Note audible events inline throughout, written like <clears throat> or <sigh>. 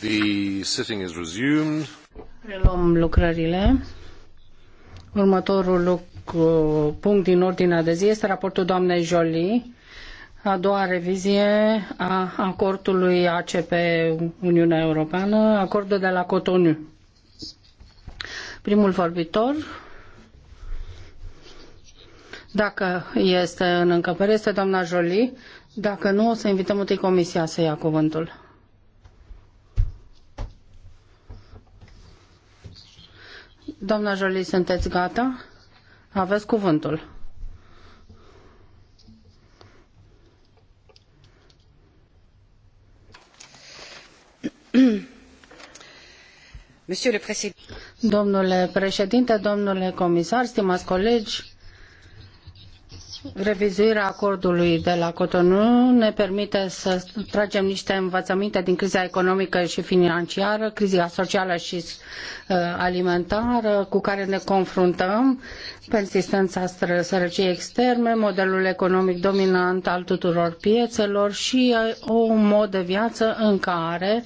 The sitting is resumed. Reluăm lucrările. Următorul lucru, punct din ordinea de zi este raportul doamnei Jolie, a doua revizie a acordului ACP Uniunea Europeană, acordul de la Cotonou. Primul vorbitor, dacă este în încăpere, este doamna Jolie. Dacă nu, o să invităm întâi comisia să ia cuvântul. Doamna Jolie, sunteți gata? Aveți cuvântul. Domnule președinte, domnule comisar, stimați colegi, Revizuirea acordului de la Cotonou ne permite să tragem niște învățăminte din criza economică și financiară, criza socială și uh, alimentară cu care ne confruntăm, persistența sărăciei externe, modelul economic dominant al tuturor piețelor și uh, un mod de viață în care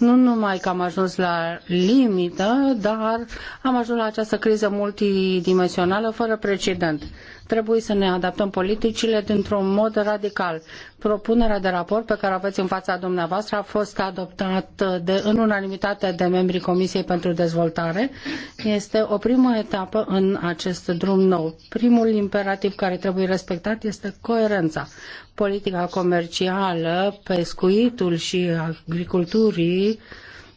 nu numai că am ajuns la limită, dar am ajuns la această criză multidimensională fără precedent. Trebuie să ne adaptăm politicile dintr-un mod radical. Propunerea de raport pe care o aveți în fața dumneavoastră a fost adoptată de, în unanimitate de membrii Comisiei pentru Dezvoltare. Este o primă etapă în acest drum nou. Primul imperativ care trebuie respectat este coerența. Politica comercială, pescuitul și agriculturii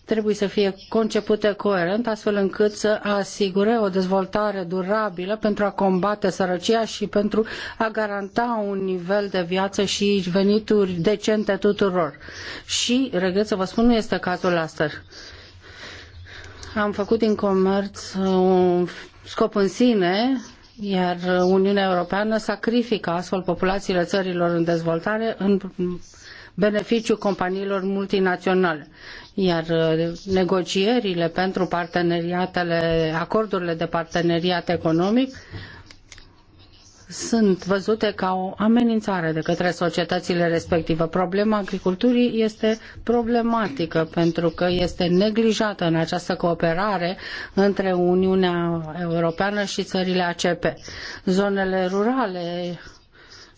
trebuie să fie concepută coerent, astfel încât să asigure o dezvoltare durabilă pentru a combate sărăcia și pentru a garanta un nivel de viață și venituri decente tuturor. Și, regret să vă spun, nu este cazul astăzi. Am făcut din comerț un scop în sine, iar Uniunea Europeană sacrifică astfel populațiile țărilor în dezvoltare în beneficiul companiilor multinaționale. Iar uh, negocierile pentru parteneriatele, acordurile de parteneriat economic sunt văzute ca o amenințare de către societățile respective. Problema agriculturii este problematică pentru că este neglijată în această cooperare între Uniunea Europeană și țările ACP. Zonele rurale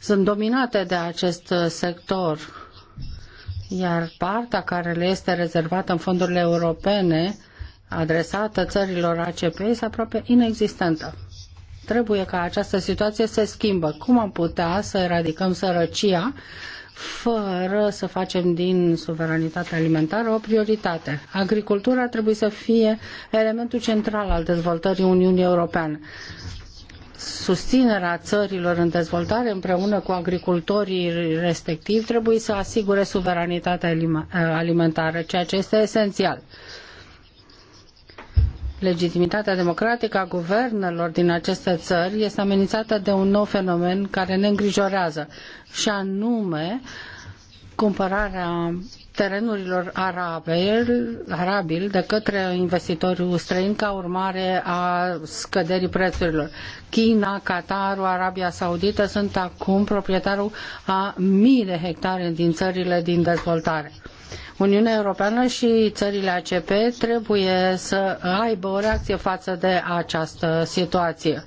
sunt dominate de acest sector iar partea care le este rezervată în fondurile europene adresată țărilor ACP este aproape inexistentă. Trebuie ca această situație să schimbă. Cum am putea să eradicăm sărăcia fără să facem din suveranitatea alimentară o prioritate. Agricultura trebuie să fie elementul central al dezvoltării Uniunii Europene susținerea țărilor în dezvoltare împreună cu agricultorii respectivi trebuie să asigure suveranitatea alimentară, ceea ce este esențial. Legitimitatea democratică a guvernelor din aceste țări este amenințată de un nou fenomen care ne îngrijorează, și anume cumpărarea terenurilor arabe, arabil de către investitorii străini ca urmare a scăderii prețurilor. China, Qatarul, Arabia Saudită sunt acum proprietarul a mii de hectare din țările din dezvoltare. Uniunea Europeană și țările ACP trebuie să aibă o reacție față de această situație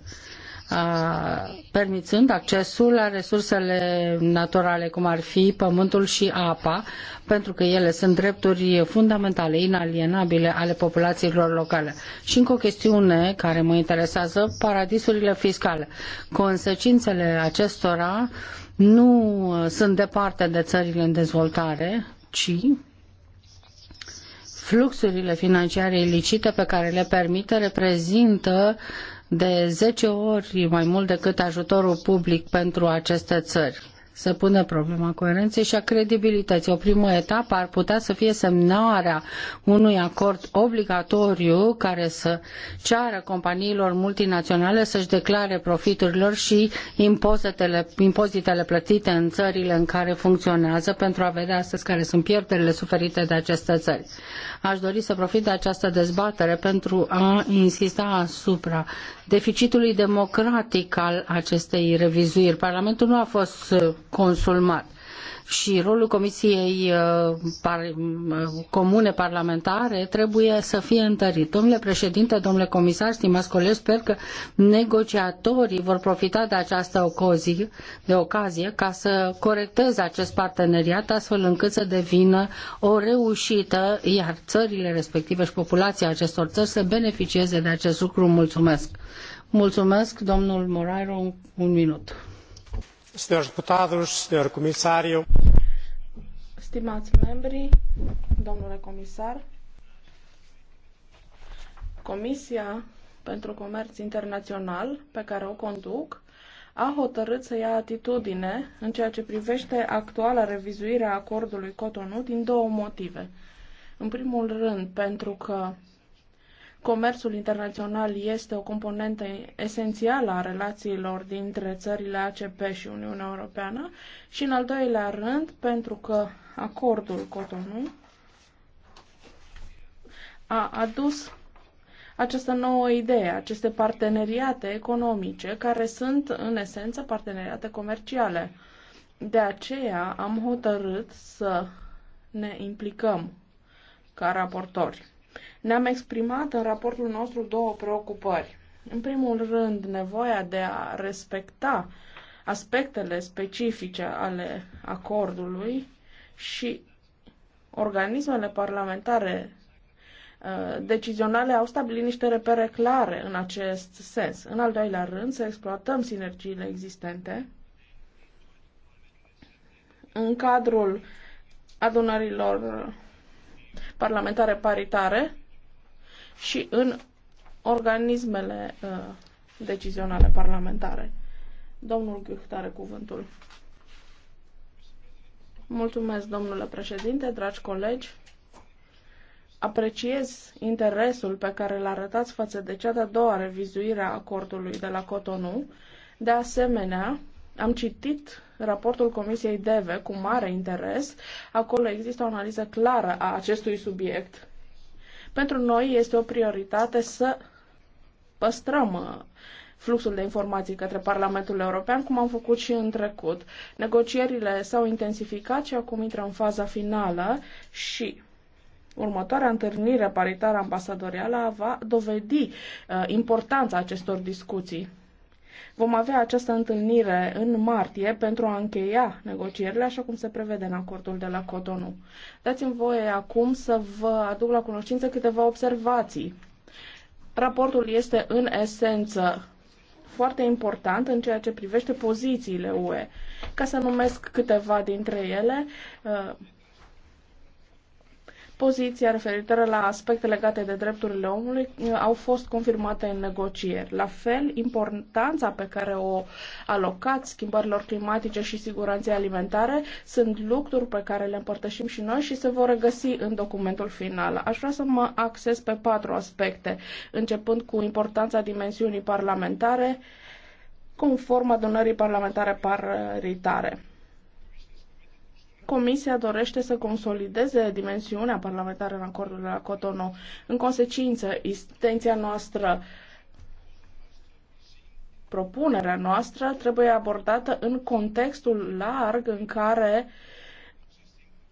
permițând accesul la resursele naturale, cum ar fi pământul și apa, pentru că ele sunt drepturi fundamentale, inalienabile ale populațiilor locale. Și încă o chestiune care mă interesează, paradisurile fiscale. Consecințele acestora nu sunt departe de țările în dezvoltare, ci fluxurile financiare ilicite pe care le permite reprezintă de zece ori mai mult decât ajutorul public pentru aceste țări. să pună problema coerenței și a credibilității. O primă etapă ar putea să fie semnarea unui acord obligatoriu care să ceară companiilor multinaționale să-și declare profiturilor și impozitele, impozitele plătite în țările în care funcționează pentru a vedea astăzi care sunt pierderile suferite de aceste țări. Aș dori să profit de această dezbatere pentru a insista asupra deficitului democratic al acestei revizuiri. Parlamentul nu a fost uh, consultat și rolul Comisiei uh, par, uh, Comune Parlamentare trebuie să fie întărit. Domnule președinte, domnule comisar, stimați colegi, sper că negociatorii vor profita de această ocazie, de ocazie ca să corecteze acest parteneriat astfel încât să devină o reușită, iar țările respective și populația acestor țări să beneficieze de acest lucru. Mulțumesc! Mulțumesc, domnul Morairo, un minut. Senhores deputados, senhor comissário, Stimați membri, domnule comisar, Comisia pentru Comerț Internațional, pe care o conduc, a hotărât să ia atitudine în ceea ce privește actuala revizuire a acordului Cotonou din două motive. În primul rând, pentru că Comerțul internațional este o componentă esențială a relațiilor dintre țările ACP și Uniunea Europeană și, în al doilea rând, pentru că acordul Cotonou a adus această nouă idee, aceste parteneriate economice, care sunt, în esență, parteneriate comerciale. De aceea am hotărât să ne implicăm ca raportori. Ne-am exprimat în raportul nostru două preocupări. În primul rând, nevoia de a respecta aspectele specifice ale acordului și organismele parlamentare uh, decizionale au stabilit niște repere clare în acest sens. În al doilea rând, să exploatăm sinergiile existente în cadrul adunărilor parlamentare paritare și în organismele uh, decizionale parlamentare. Domnul Ghiucht are cuvântul. Mulțumesc, domnule președinte, dragi colegi. Apreciez interesul pe care l a arătați față de cea de-a doua revizuire a acordului de la Cotonou. De asemenea, am citit raportul Comisiei DEVE cu mare interes. Acolo există o analiză clară a acestui subiect. Pentru noi este o prioritate să păstrăm uh, fluxul de informații către Parlamentul European, cum am făcut și în trecut. Negocierile s-au intensificat și acum intră în faza finală și următoarea întâlnire paritară ambasadorială va dovedi uh, importanța acestor discuții. Vom avea această întâlnire în martie pentru a încheia negocierile așa cum se prevede în acordul de la Cotonou. Dați-mi voie acum să vă aduc la cunoștință câteva observații. Raportul este în esență foarte important în ceea ce privește pozițiile UE. Ca să numesc câteva dintre ele, uh, poziția referitoare la aspecte legate de drepturile omului uh, au fost confirmate în negocieri. La fel, importanța pe care o alocați schimbărilor climatice și siguranței alimentare sunt lucruri pe care le împărtășim și noi și se vor regăsi în documentul final. Aș vrea să mă axez pe patru aspecte, începând cu importanța dimensiunii parlamentare, conform adunării parlamentare paritare. Comisia dorește să consolideze dimensiunea parlamentară în acordul de la Cotonou. În consecință, intenția noastră propunerea noastră trebuie abordată în contextul larg în care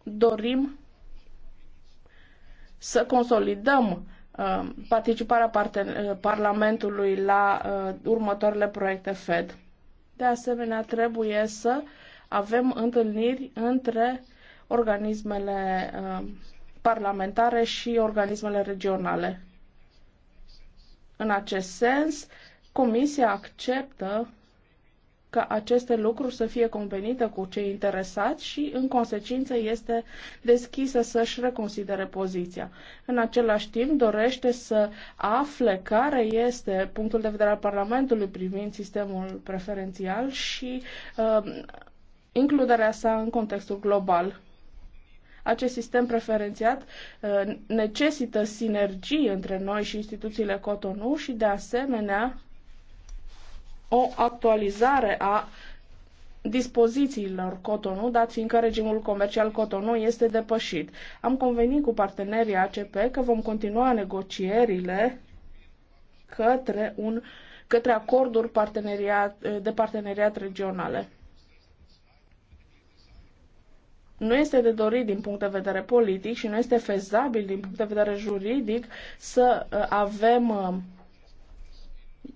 dorim să consolidăm uh, participarea uh, Parlamentului la uh, următoarele proiecte FED. De asemenea, trebuie să uh, avem întâlniri între organismele uh, parlamentare și organismele regionale. În acest sens, Comisia acceptă ca aceste lucruri să fie convenite cu cei interesați și, în consecință, este deschisă să-și reconsidere poziția. În același timp, dorește să afle care este punctul de vedere al Parlamentului privind sistemul preferențial și uh, includerea sa în contextul global. Acest sistem preferențiat uh, necesită sinergii între noi și instituțiile Cotonou și, de asemenea, o actualizare a dispozițiilor Cotonou, dat fiindcă regimul comercial Cotonou este depășit. Am convenit cu partenerii ACP că vom continua negocierile către, un, către acorduri parteneriat, de parteneriat regionale nu este de dorit din punct de vedere politic și nu este fezabil din punct de vedere juridic să uh, avem uh,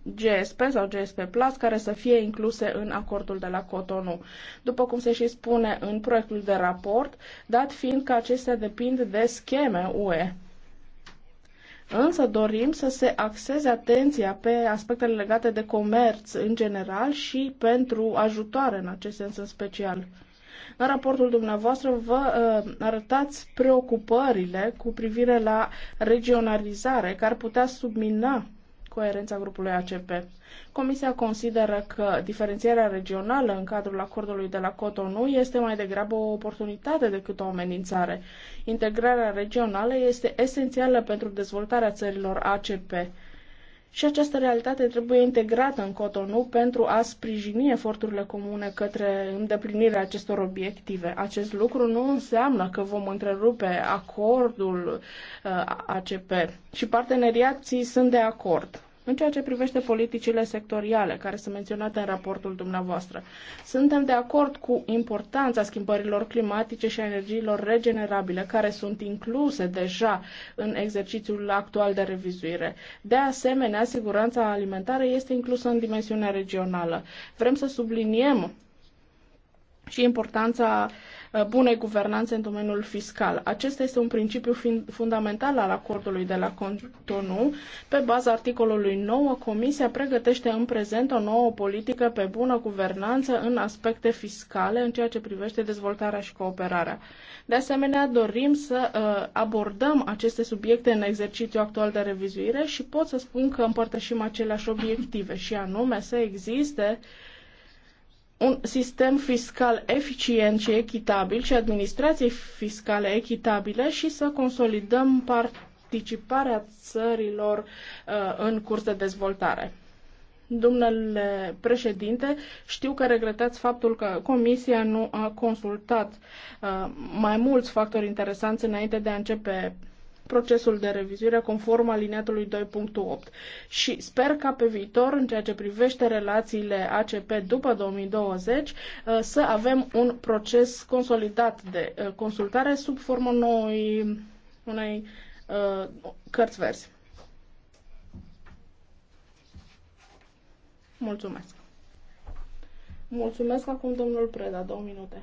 GSP sau GSP Plus care să fie incluse în acordul de la Cotonou. După cum se și spune în proiectul de raport, dat fiind că acestea depind de scheme UE. Însă dorim să se axeze atenția pe aspectele legate de comerț în general și pentru ajutoare în acest sens în special. În raportul dumneavoastră vă uh, arătați preocupările cu privire la regionalizare care putea submina coerența grupului ACP. Comisia consideră că diferențierea regională în cadrul acordului de la Cotonou este mai degrabă o oportunitate decât o amenințare. Integrarea regională este esențială pentru dezvoltarea țărilor ACP și această realitate trebuie integrată în Cotonou pentru a sprijini eforturile comune către îndeplinirea acestor obiective. Acest lucru nu înseamnă că vom întrerupe acordul uh, ACP și parteneriații sunt de acord. În ceea ce privește politicile sectoriale, care sunt menționate în raportul dumneavoastră, suntem de acord cu importanța schimbărilor climatice și a energiilor regenerabile, care sunt incluse deja în exercițiul actual de revizuire. De asemenea, siguranța alimentară este inclusă în dimensiunea regională. Vrem să subliniem și importanța uh, Uh, bunei guvernanțe în domeniul fiscal. Acesta este un principiu fundamental al acordului de la Cotonou. Pe baza articolului 9, Comisia pregătește în prezent o nouă politică pe bună guvernanță în aspecte fiscale în ceea ce privește dezvoltarea și cooperarea. De asemenea, dorim să uh, abordăm aceste subiecte în exercițiu actual de revizuire și pot să spun că împărtășim aceleași obiective și anume să existe un sistem fiscal eficient și echitabil și administrație fiscale echitabile și să consolidăm participarea țărilor uh, în curs de dezvoltare. Domnule președinte, știu că regretați faptul că Comisia nu a consultat uh, mai mulți factori interesanți înainte de a începe procesul de revizuire conform aliniatului 2.8 și sper ca pe viitor, în ceea ce privește relațiile ACP după 2020, uh, să avem un proces consolidat de uh, consultare sub formă noi, unei uh, cărți verzi. Mulțumesc. Mulțumesc acum domnul Preda, două minute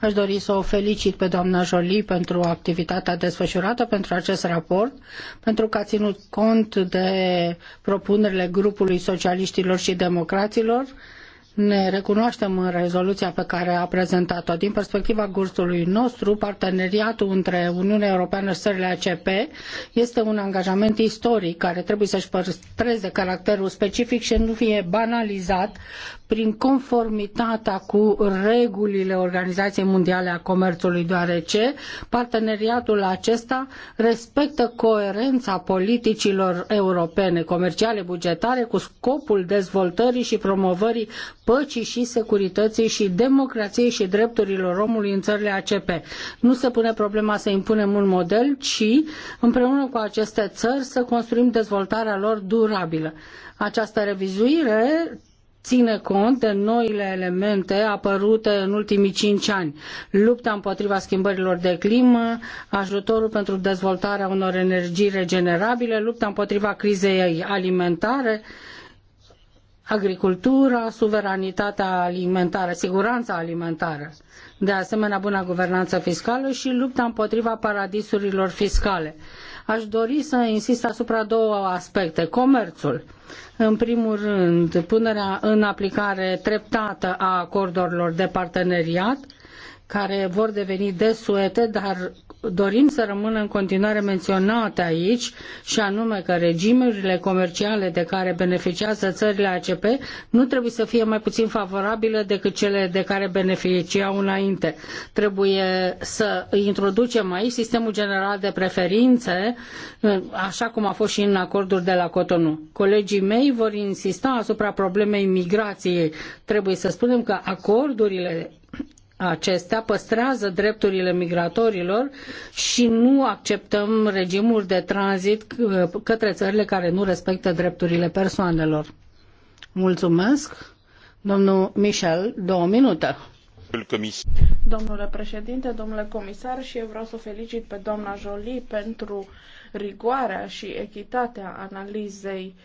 Aș dori să o felicit pe doamna Jolie pentru activitatea desfășurată pentru acest raport, pentru că a ținut cont de propunerile grupului socialiștilor și democraților. Ne recunoaștem în rezoluția pe care a prezentat-o. Din perspectiva gustului nostru, parteneriatul între Uniunea Europeană și țările ACP este un angajament istoric care trebuie să-și păstreze caracterul specific și nu fie banalizat prin conformitatea cu regulile Organizației Mondiale a Comerțului, deoarece parteneriatul acesta respectă coerența politicilor europene, comerciale, bugetare, cu scopul dezvoltării și promovării păcii și securității și democrației și drepturilor omului în țările ACP. Nu se pune problema să impunem un model, ci împreună cu aceste țări să construim dezvoltarea lor durabilă. Această revizuire ține cont de noile elemente apărute în ultimii cinci ani. Lupta împotriva schimbărilor de climă, ajutorul pentru dezvoltarea unor energii regenerabile, lupta împotriva crizei alimentare, agricultura, suveranitatea alimentară, siguranța alimentară, de asemenea buna guvernanță fiscală și lupta împotriva paradisurilor fiscale. Aș dori să insist asupra două aspecte. Comerțul. În primul rând, punerea în aplicare treptată a acordurilor de parteneriat, care vor deveni desuete, dar dorim să rămână în continuare menționate aici, și anume că regimurile comerciale de care beneficiază țările ACP nu trebuie să fie mai puțin favorabile decât cele de care beneficiau înainte. Trebuie să introducem aici sistemul general de preferințe, așa cum a fost și în acordul de la Cotonou. Colegii mei vor insista asupra problemei migrației. Trebuie să spunem că acordurile acestea păstrează drepturile migratorilor și nu acceptăm regimuri de tranzit uh, către țările care nu respectă drepturile persoanelor. Mulțumesc. Domnul Michel, două minute. Domnule președinte, domnule comisar, și eu vreau să o felicit pe doamna Jolie pentru rigoarea și echitatea analizei uh,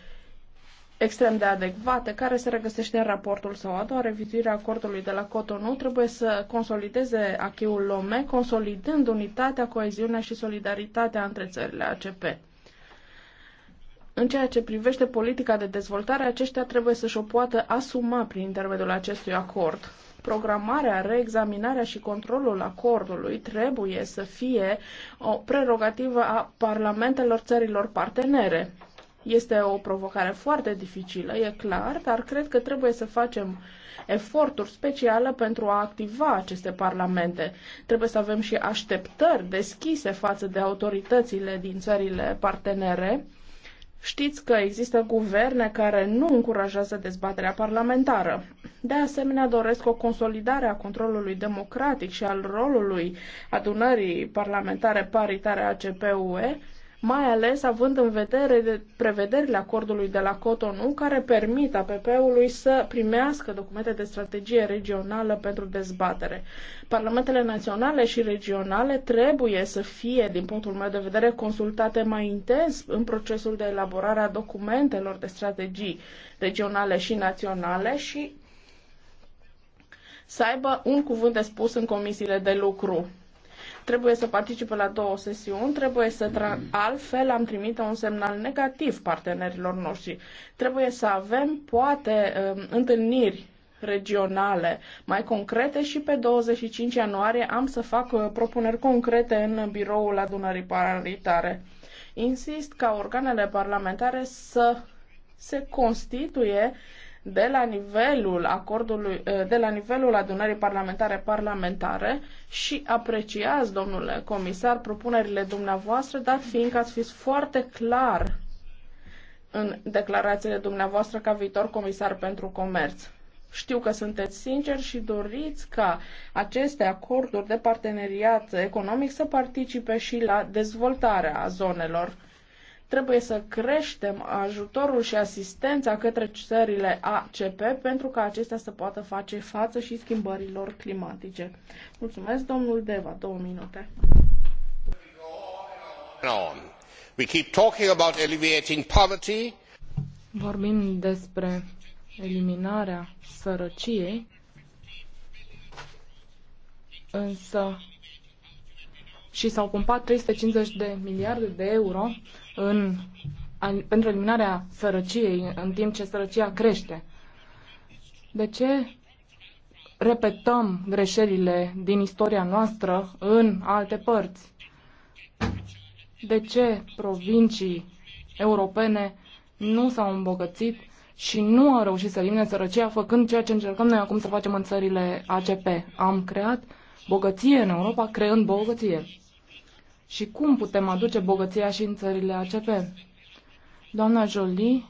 extrem de adecvate, care se regăsește în raportul sau a doua revizuire a acordului de la Cotonou, trebuie să consolideze acheul Lome, consolidând unitatea, coeziunea și solidaritatea între țările ACP. În ceea ce privește politica de dezvoltare, aceștia trebuie să-și o poată asuma prin intermediul acestui acord. Programarea, reexaminarea și controlul acordului trebuie să fie o prerogativă a parlamentelor țărilor partenere este o provocare foarte dificilă, e clar, dar cred că trebuie să facem eforturi speciale pentru a activa aceste parlamente. Trebuie să avem și așteptări deschise față de autoritățile din țările partenere. Știți că există guverne care nu încurajează dezbaterea parlamentară. De asemenea, doresc o consolidare a controlului democratic și al rolului adunării parlamentare paritare ACPUE mai ales având în vedere prevederile acordului de la Cotonou care permit APP-ului să primească documente de strategie regională pentru dezbatere. Parlamentele naționale și regionale trebuie să fie, din punctul meu de vedere, consultate mai intens în procesul de elaborare a documentelor de strategii regionale și naționale și să aibă un cuvânt de spus în comisiile de lucru trebuie să participe la două sesiuni, trebuie să altfel am trimite un semnal negativ partenerilor noștri. Trebuie să avem poate um, întâlniri regionale mai concrete și pe 25 ianuarie am să fac uh, propuneri concrete în biroul adunării paralitare. Insist ca organele parlamentare să se constituie de la nivelul acordului, eh, de la nivelul adunării parlamentare parlamentare și apreciați, domnule comisar, propunerile dumneavoastră, dar fiindcă ați fi foarte clar în declarațiile dumneavoastră ca viitor comisar pentru comerț. Știu că sunteți sinceri și doriți ca aceste acorduri de parteneriat economic să participe și la dezvoltarea zonelor Trebuie să creștem ajutorul și asistența către țările ACP pentru ca acestea să poată face față și schimbărilor climatice. Mulțumesc, domnul Deva, două minute. We keep talking about alleviating poverty. Vorbim despre eliminarea sărăciei, însă și s-au pompat 350 de miliarde de euro în, pentru eliminarea sărăciei, în timp ce sărăcia crește. De ce repetăm greșelile din istoria noastră în alte părți? De ce provincii europene nu s-au îmbogățit și nu au reușit să elimine sărăcia făcând ceea ce încercăm noi acum să facem în țările ACP? Am creat bogăție în Europa creând bogăție și cum putem aduce bogăția și în țările ACP. Doamna Jolie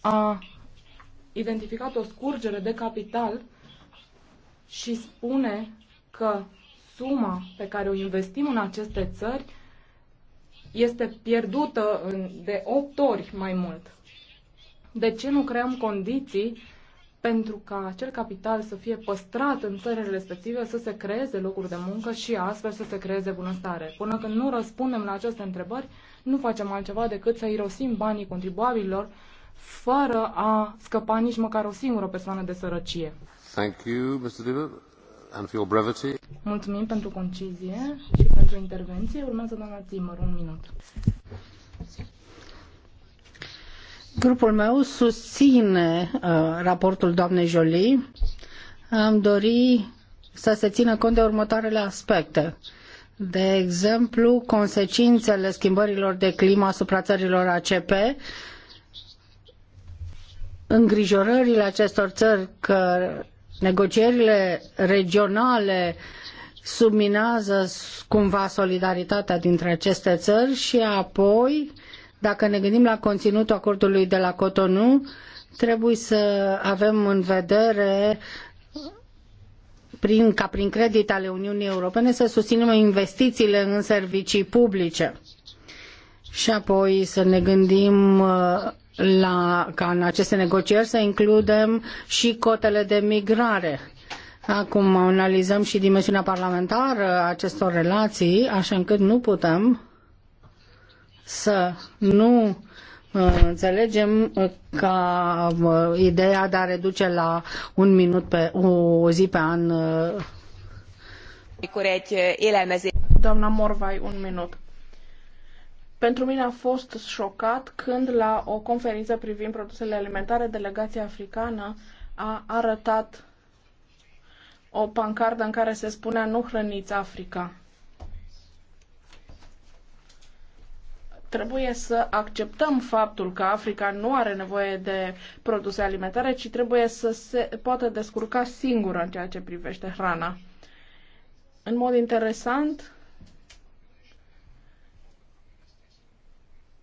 a identificat o scurgere de capital și spune că suma pe care o investim în aceste țări este pierdută de 8 ori mai mult. De ce nu creăm condiții pentru ca acel capital să fie păstrat în țările respective, să se creeze locuri de muncă și astfel să se creeze bunăstare. Până când nu răspundem la aceste întrebări, nu facem altceva decât să irosim banii contribuabililor fără a scăpa nici măcar o singură persoană de sărăcie. Thank you, Mr. Dillard, and for your brevity. Mulțumim pentru concizie și pentru intervenție. Urmează doamna Timor un minut. Grupul meu susține uh, raportul doamnei Jolie. Am dori să se țină cont de următoarele aspecte. De exemplu, consecințele schimbărilor de climă asupra țărilor ACP, îngrijorările acestor țări că negocierile regionale subminează cumva solidaritatea dintre aceste țări și apoi uh, dacă ne gândim la conținutul acordului de la Cotonou, trebuie să avem în vedere prin, ca prin credit ale Uniunii Europene să susținem investițiile în servicii publice. Și apoi să ne gândim uh, la, ca în aceste negocieri să includem și cotele de migrare. Acum analizăm și dimensiunea parlamentară a acestor relații, așa încât nu putem să nu uh, Înțelegem uh, ca uh, ideea de a reduce la un minut pe o zi pe an. Doamna Morvai, un minut. Pentru mine a fost șocat când la o conferință privind produsele alimentare, delegația africană a arătat o pancardă în care se spunea nu hrăniți Africa. trebuie să acceptăm faptul că Africa nu are nevoie de produse alimentare, ci trebuie să se poată descurca singură în ceea ce privește hrana. În mod interesant,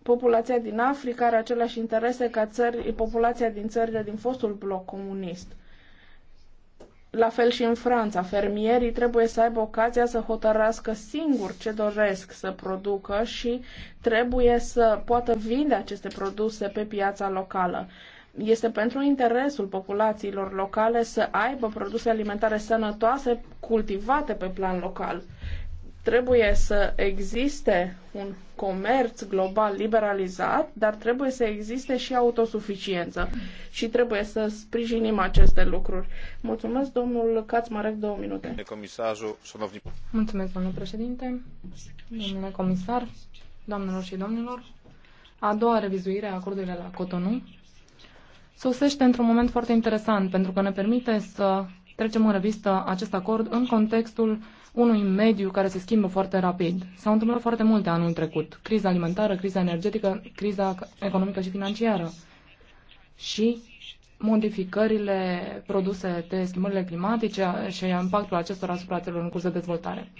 populația din Africa are aceleași interese ca țări, populația din țările din fostul bloc comunist. La fel și în Franța, fermierii trebuie să aibă ocazia să hotărască singur ce doresc să producă și trebuie să poată vinde aceste produse pe piața locală. Este pentru interesul populațiilor locale să aibă produse alimentare sănătoase cultivate pe plan local. Trebuie să existe un comerț global liberalizat, dar trebuie să existe și autosuficiență și trebuie să sprijinim aceste lucruri. Mulțumesc, domnul Cațmarec, două minute. Mulțumesc, domnule președinte, domnule comisar, doamnelor și domnilor. A doua revizuire a acordului la Cotonou sosește într-un moment foarte interesant, pentru că ne permite să trecem în revistă acest acord în contextul unui mediu care se schimbă foarte rapid. S-au întâmplat foarte multe anul trecut. Criza alimentară, criza energetică, criza economică și financiară. Și modificările produse de schimbările climatice și impactul acestora asupra țărilor în curs de dezvoltare.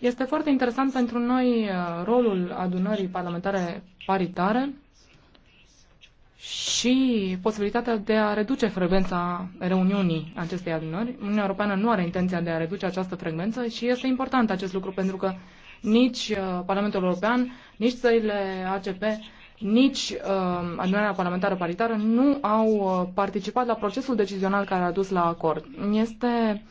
Este foarte interesant pentru noi uh, rolul adunării parlamentare paritare și posibilitatea de a reduce frecvența reuniunii acestei adunări. Uniunea Europeană nu are intenția de a reduce această frecvență și este important acest lucru pentru că nici uh, Parlamentul European, nici țările ACP, nici uh, adunarea parlamentară paritară nu au uh, participat la procesul decizional care a dus la acord. Este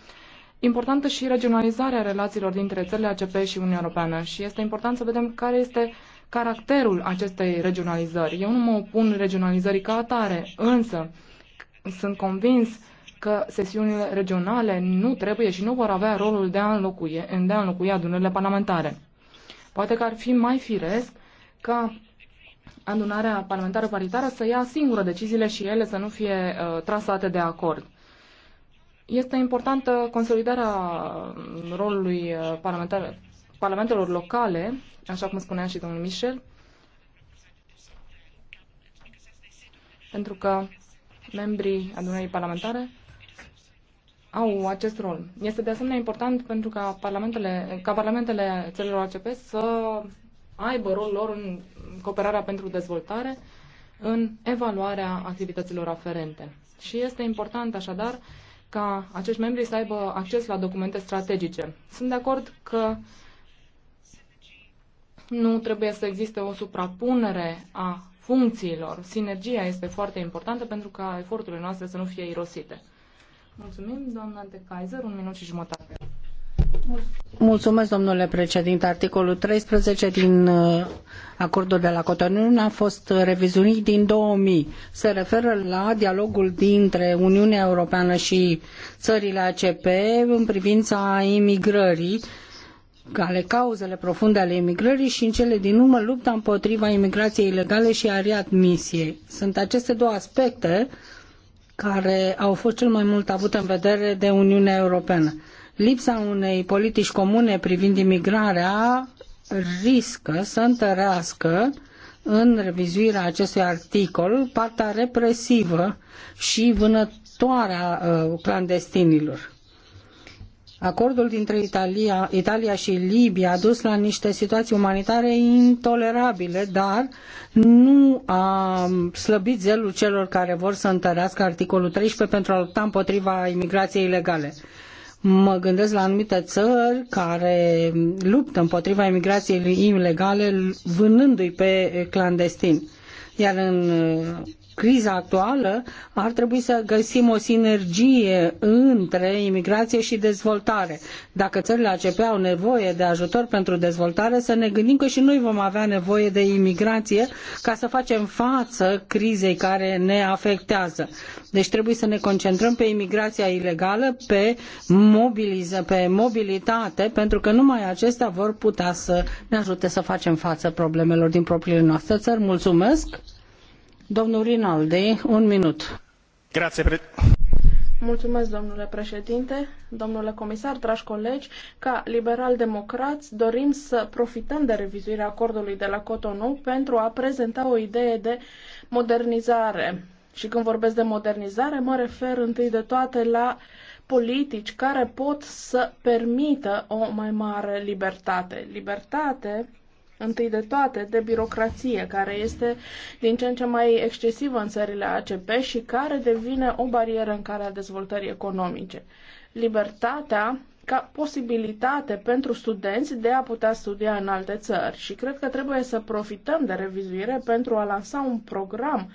importantă și regionalizarea relațiilor dintre țările ACP și Uniunea Europeană și este important să vedem care este uh, caracterul acestei regionalizări. Eu nu mă opun regionalizării ca atare, însă sunt convins că sesiunile regionale nu trebuie și nu vor avea rolul de a înlocui, de a înlocui adunările parlamentare. Poate că ar fi mai firesc ca adunarea parlamentară paritară să ia singură deciziile și ele să nu fie uh, trasate de acord. Este importantă consolidarea rolului uh, parlamentar, parlamentelor locale așa cum spunea și domnul Michel, pentru că membrii adunării parlamentare au acest rol. Este de asemenea important pentru ca parlamentele, ca parlamentele țărilor ACP să aibă rolul lor în cooperarea pentru dezvoltare, în evaluarea activităților aferente. Și este important așadar ca acești membri să aibă acces la documente strategice. Sunt de acord că uh, nu trebuie să existe o suprapunere a funcțiilor. Sinergia este foarte importantă pentru ca eforturile noastre să nu fie irosite. Mulțumim, doamna de Kaiser, un minut și jumătate. Mulțumesc, domnule președinte. Articolul 13 din uh, acordul de la Cotonou a fost revizuit din 2000. Se referă la dialogul dintre Uniunea Europeană și țările ACP în privința imigrării ale cauzele profunde ale imigrării și în cele din urmă lupta împotriva imigrației ilegale și a readmisiei. Sunt aceste două aspecte care au fost cel mai mult avute în vedere de Uniunea Europeană. Lipsa unei politici comune privind imigrarea riscă să întărească în revizuirea acestui articol partea represivă și vânătoarea uh, clandestinilor. Acordul dintre Italia, Italia și Libia a dus la niște situații umanitare intolerabile, dar nu a slăbit zelul celor care vor să întărească articolul 13 pentru a lupta împotriva imigrației ilegale. Mă gândesc la anumite țări care luptă împotriva imigrației ilegale vânându-i pe clandestini. Iar în criza actuală, ar trebui să găsim o sinergie între imigrație și dezvoltare. Dacă țările ACP au nevoie de ajutor pentru dezvoltare, să ne gândim că și noi vom avea nevoie de imigrație ca să facem față crizei care ne afectează. Deci trebuie să ne concentrăm pe imigrația ilegală, pe, mobiliză, pe mobilitate, pentru că numai acestea vor putea să ne ajute să facem față problemelor din propriile noastre țări. Mulțumesc! Domnul Rinaldi, un minut. Mulțumesc, domnule președinte, domnule comisar, dragi colegi. Ca liberal democrai dorim să profităm de revizuirea acordului de la Cotonou pentru a prezenta o idee de modernizare. Și când vorbesc de modernizare, mă refer întâi de toate la politici care pot să permită o mai mare libertate. Libertate întâi de toate de birocrație, care este din ce în ce mai excesivă în țările ACP și care devine o barieră în calea dezvoltării economice. Libertatea ca posibilitate pentru studenți de a putea studia în alte țări și cred că trebuie să profităm de revizuire pentru a lansa un program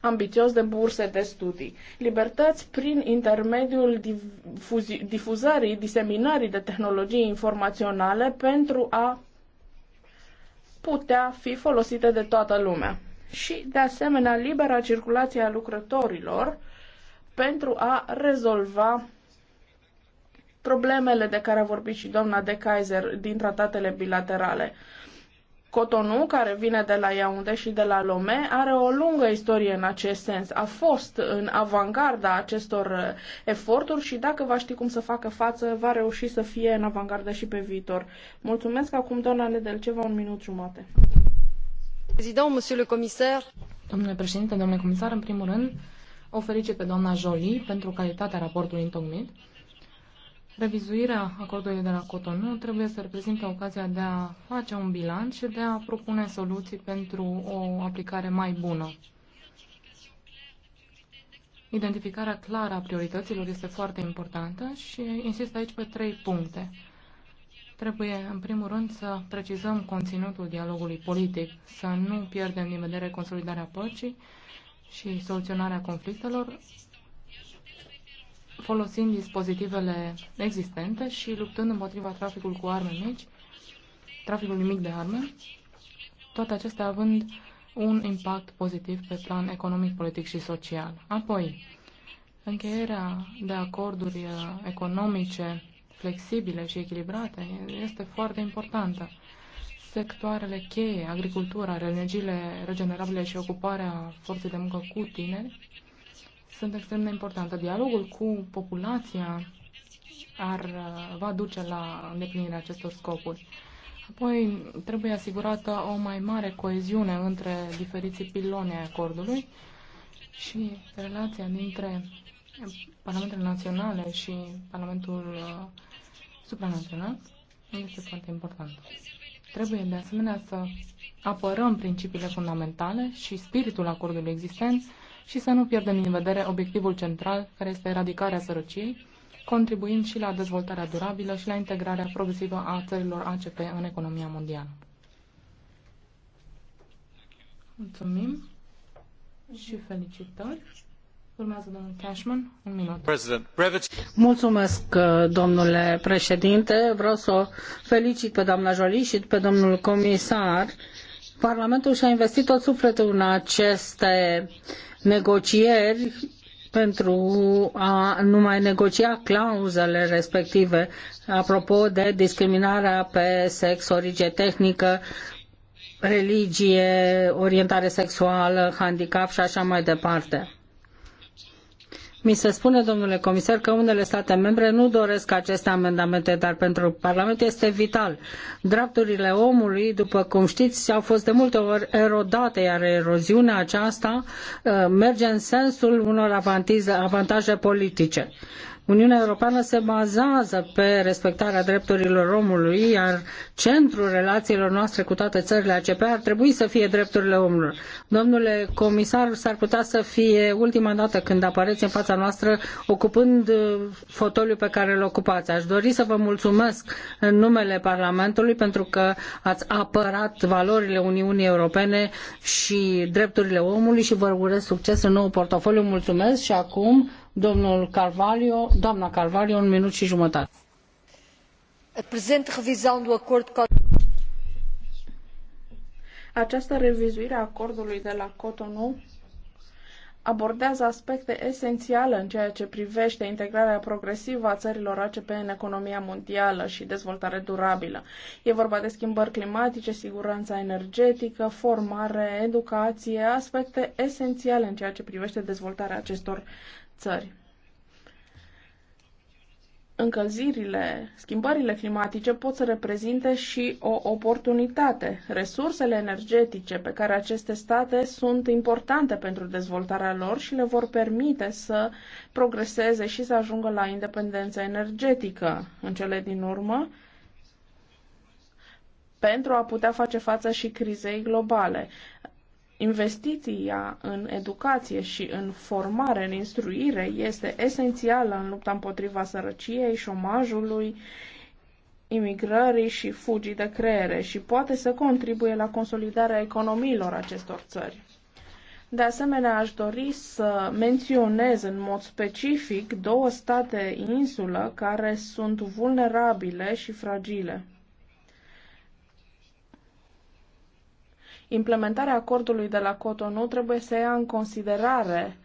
ambițios de burse de studii. Libertăți prin intermediul difuzi- difuzării, diseminării de tehnologii informaționale pentru a putea fi folosită de toată lumea. Și, de asemenea, libera circulație a lucrătorilor pentru a rezolva problemele de care a vorbit și doamna de Kaiser din tratatele bilaterale. Cotonou, care vine de la Iaunde și de la Lome, are o lungă istorie în acest sens. A fost în avangarda acestor uh, eforturi și dacă va ști cum să facă față, va reuși să fie în avangarda și pe viitor. Mulțumesc. Acum, doamna Nedelceva, un minut jumate. Domnule președinte, domnule comisar, în primul rând, o felicit pe doamna Jolie pentru calitatea raportului întocmit Revizuirea acordului de la Cotonou trebuie să reprezinte ocazia de a face un bilanț și de a propune soluții pentru o aplicare mai bună. Identificarea clară a priorităților este foarte importantă și insist aici pe trei puncte. Trebuie, în primul rând, să precizăm conținutul dialogului politic, să nu pierdem din vedere consolidarea păcii și soluționarea conflictelor, folosind dispozitivele existente și luptând împotriva traficul cu arme mici, traficul mic de arme, toate acestea având un impact pozitiv pe plan economic, politic și social. Apoi, încheierea de acorduri uh, economice flexibile și echilibrate este foarte importantă. Sectoarele cheie, agricultura, energiile regenerabile și ocuparea forței de muncă cu tineri, sunt extrem de importante. Dialogul cu populația ar, uh, va duce la îndeplinirea acestor scopuri. Apoi trebuie asigurată o mai mare coeziune între diferiții piloni ai acordului și relația dintre Parlamentele Naționale și Parlamentul uh, Supranațional este foarte important. Trebuie de asemenea să apărăm principiile fundamentale și spiritul acordului existent și să nu pierdem din vedere obiectivul central, care este eradicarea sărăciei, contribuind și la dezvoltarea durabilă și la integrarea progresivă a țărilor ACP în economia mondială. Mulțumim și felicitări. Urmează domnul Cashman, un minut. Mulțumesc, uh, domnule președinte. Vreau să o felicit pe doamna Jolie și pe domnul comisar. Parlamentul și-a investit tot sufletul în aceste negocieri pentru a nu mai negocia clauzele respective apropo de discriminarea pe sex, origine tehnică, religie, orientare sexuală, handicap și așa mai departe. Mi se spune, domnule comisar, că unele state membre nu doresc aceste amendamente, dar pentru Parlament este vital. Drepturile omului, după cum știți, au fost de multe ori erodate, iar eroziunea aceasta uh, merge în sensul unor avantaje politice. Uniunea Europeană se bazează pe respectarea drepturilor omului, iar centrul relațiilor noastre cu toate țările ACP ar trebui să fie drepturile omului. Domnule comisar, s-ar putea să fie ultima dată când apareți în fața noastră ocupând uh, fotoliul pe care îl ocupați. Aș dori să vă mulțumesc în numele Parlamentului pentru că ați apărat valorile Uniunii Europene și drepturile omului și vă urez succes în nou portofoliu. Mulțumesc și acum Domnul Carvalho, doamna Carvalho, un minut și jumătate. Această revizuire a acordului de la Cotonou abordează aspecte esențiale în ceea ce privește integrarea progresivă a țărilor ACP în economia mondială și dezvoltare durabilă. E vorba de schimbări climatice, siguranța energetică, formare, educație, aspecte esențiale în ceea ce privește dezvoltarea acestor țări. Încălzirile, schimbările climatice pot să reprezinte și o oportunitate. Resursele energetice pe care aceste state sunt importante pentru dezvoltarea lor și le vor permite să progreseze și să ajungă la independență energetică în cele din urmă pentru a putea face față și crizei globale. Investiția în educație și în formare, în instruire, este esențială în lupta împotriva sărăciei, șomajului, imigrării și fugii de creere și poate să contribuie la consolidarea economiilor acestor țări. De asemenea, aș dori să menționez în mod specific două state insulă care sunt vulnerabile și fragile. implementarea acordului de la Cotonou trebuie să ia în considerare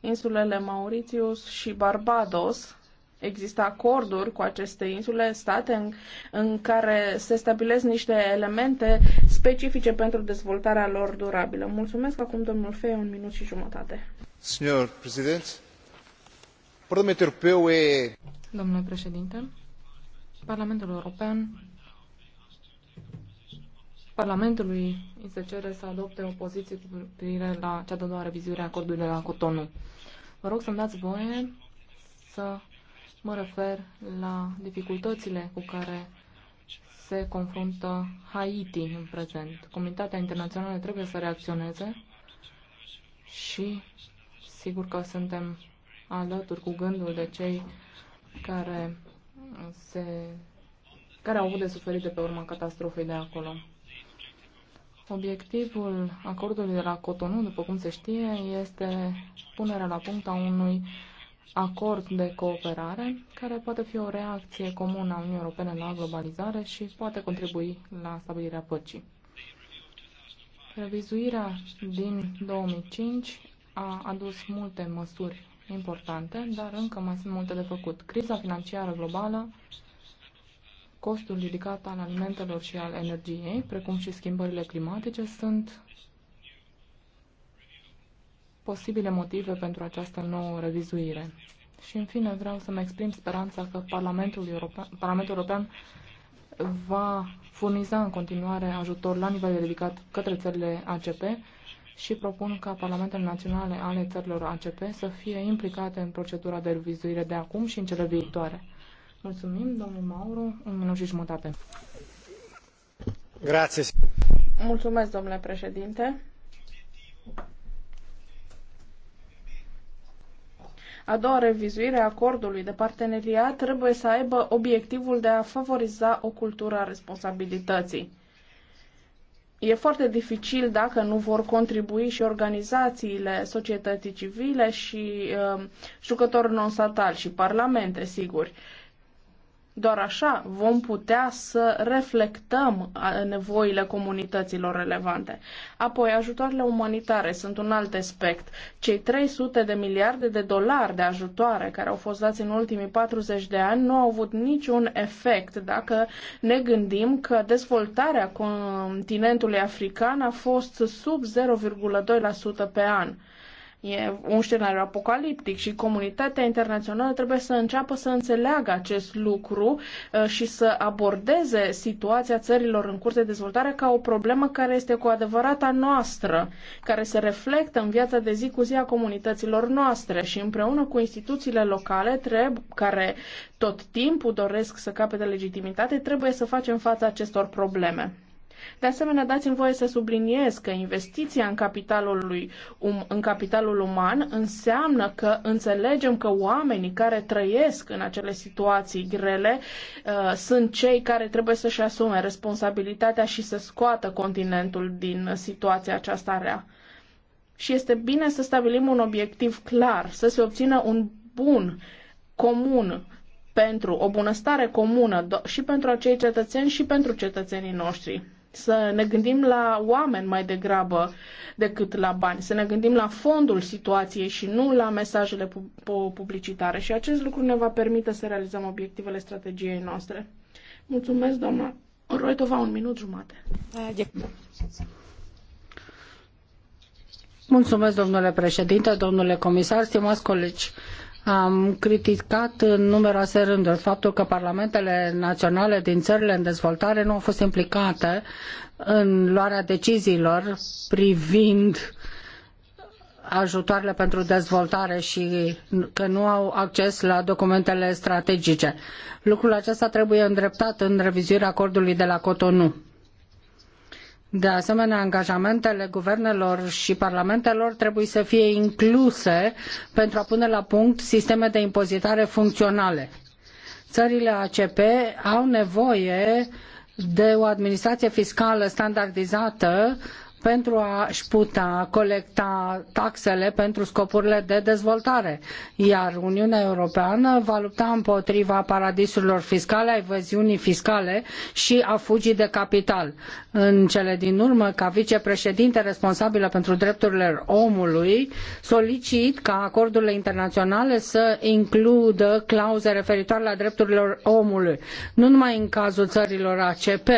insulele Mauritius și Barbados. Există acorduri cu aceste insule, state în, în care se stabilesc niște elemente specifice pentru dezvoltarea lor durabilă. Mulțumesc acum domnul Fei, un minut și jumătate. Signor președinte, Parlamentul Domnule președinte, Parlamentul European Parlamentului îi se cere să adopte o poziție cu privire la cea de-a doua revizuire a acordului de la Cotonou. Vă rog să-mi dați voie să mă refer la dificultățile cu care se confruntă Haiti în prezent. Comunitatea internațională trebuie să reacționeze și sigur că suntem alături cu gândul de cei care, se, care au avut de suferit de pe urma catastrofei de acolo. Obiectivul acordului de la Cotonou, după cum se știe, este punerea la punct a unui acord de cooperare care poate fi o reacție comună a Uniunii Europene la globalizare și poate contribui la stabilirea păcii. Revizuirea din 2005 a adus multe măsuri importante, dar încă mai sunt multe de făcut. Criza financiară globală costul ridicat al alimentelor și al energiei, precum și schimbările climatice, sunt posibile motive pentru această nouă revizuire. Și, în fine, vreau să-mi exprim speranța că Parlamentul European, Parlamentul European va furniza în continuare ajutor la nivel ridicat către țările ACP și propun ca Parlamentele Naționale ale țărilor ACP să fie implicate în procedura de revizuire de acum și în cele viitoare. Mulțumim, domnul Mauro. Un minut și jumătate. Grație. Mulțumesc, domnule președinte. A doua revizuire a acordului de parteneriat trebuie să aibă obiectivul de a favoriza o cultură a responsabilității. E foarte dificil dacă nu vor contribui și organizațiile societății civile și uh, um, jucători non-statali și parlamente, sigur. Uh, doar așa vom putea să reflectăm nevoile comunităților relevante. Apoi, ajutoarele umanitare sunt un alt aspect. Cei 300 de miliarde de dolari de ajutoare care au fost dați în ultimii 40 de ani nu au avut niciun efect dacă ne gândim că dezvoltarea continentului african a fost sub 0,2% pe an. E un scenariu apocaliptic și comunitatea internațională trebuie să înceapă să înțeleagă acest lucru uh, și să abordeze situația țărilor în curs de dezvoltare ca o problemă care este cu adevărat a noastră, care se reflectă în viața de zi cu zi a comunităților noastre și împreună cu instituțiile locale treb, care tot timpul doresc să capete legitimitate, trebuie să facem față acestor probleme. De asemenea, dați-mi voie să subliniez că investiția în capitalul, lui, um, în capitalul uman înseamnă că înțelegem că oamenii care trăiesc în acele situații grele uh, sunt cei care trebuie să-și asume responsabilitatea și să scoată continentul din situația aceasta rea. Și este bine să stabilim un obiectiv clar, să se obțină un bun comun pentru o bunăstare comună și pentru acei cetățeni și pentru cetățenii noștri să ne gândim la oameni mai degrabă decât la bani, să ne gândim la fondul situației și nu la mesajele publicitare. Și acest lucru ne va permite să realizăm obiectivele strategiei noastre. Mulțumesc, doamna Roitova, un minut jumate. Mulțumesc, domnule președinte, domnule comisar, stimați colegi. Am criticat în numeroase rânduri faptul că parlamentele naționale din țările în dezvoltare nu au fost implicate în luarea deciziilor privind ajutoarele pentru dezvoltare și că nu au acces la documentele strategice. Lucrul acesta trebuie îndreptat în revizuirea acordului de la Cotonou de asemenea, angajamentele guvernelor și parlamentelor trebuie să fie incluse pentru a pune la punct sisteme de impozitare funcționale. Țările ACP au nevoie de o administrație fiscală standardizată pentru a-și putea colecta taxele pentru scopurile de dezvoltare. Iar Uniunea Europeană va lupta împotriva paradisurilor fiscale, a evaziunii fiscale și a fugii de capital. În cele din urmă, ca vicepreședinte responsabilă pentru drepturile omului, solicit ca acordurile internaționale să includă clauze referitoare la drepturile omului, nu numai în cazul țărilor ACP,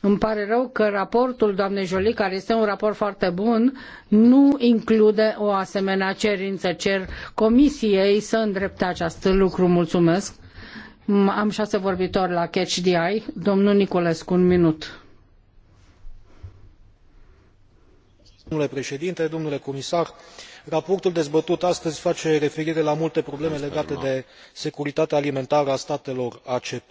îmi pare rău că raportul doamnei Joly, care este un raport foarte bun, nu include o asemenea cerință. Cer comisiei să îndrepte acest lucru. Mulțumesc. Am șase vorbitori la Catch DI. Domnul Niculescu, un minut. Domnule președinte, domnule comisar, raportul dezbătut astăzi face referire la multe probleme legate de securitatea alimentară a statelor acp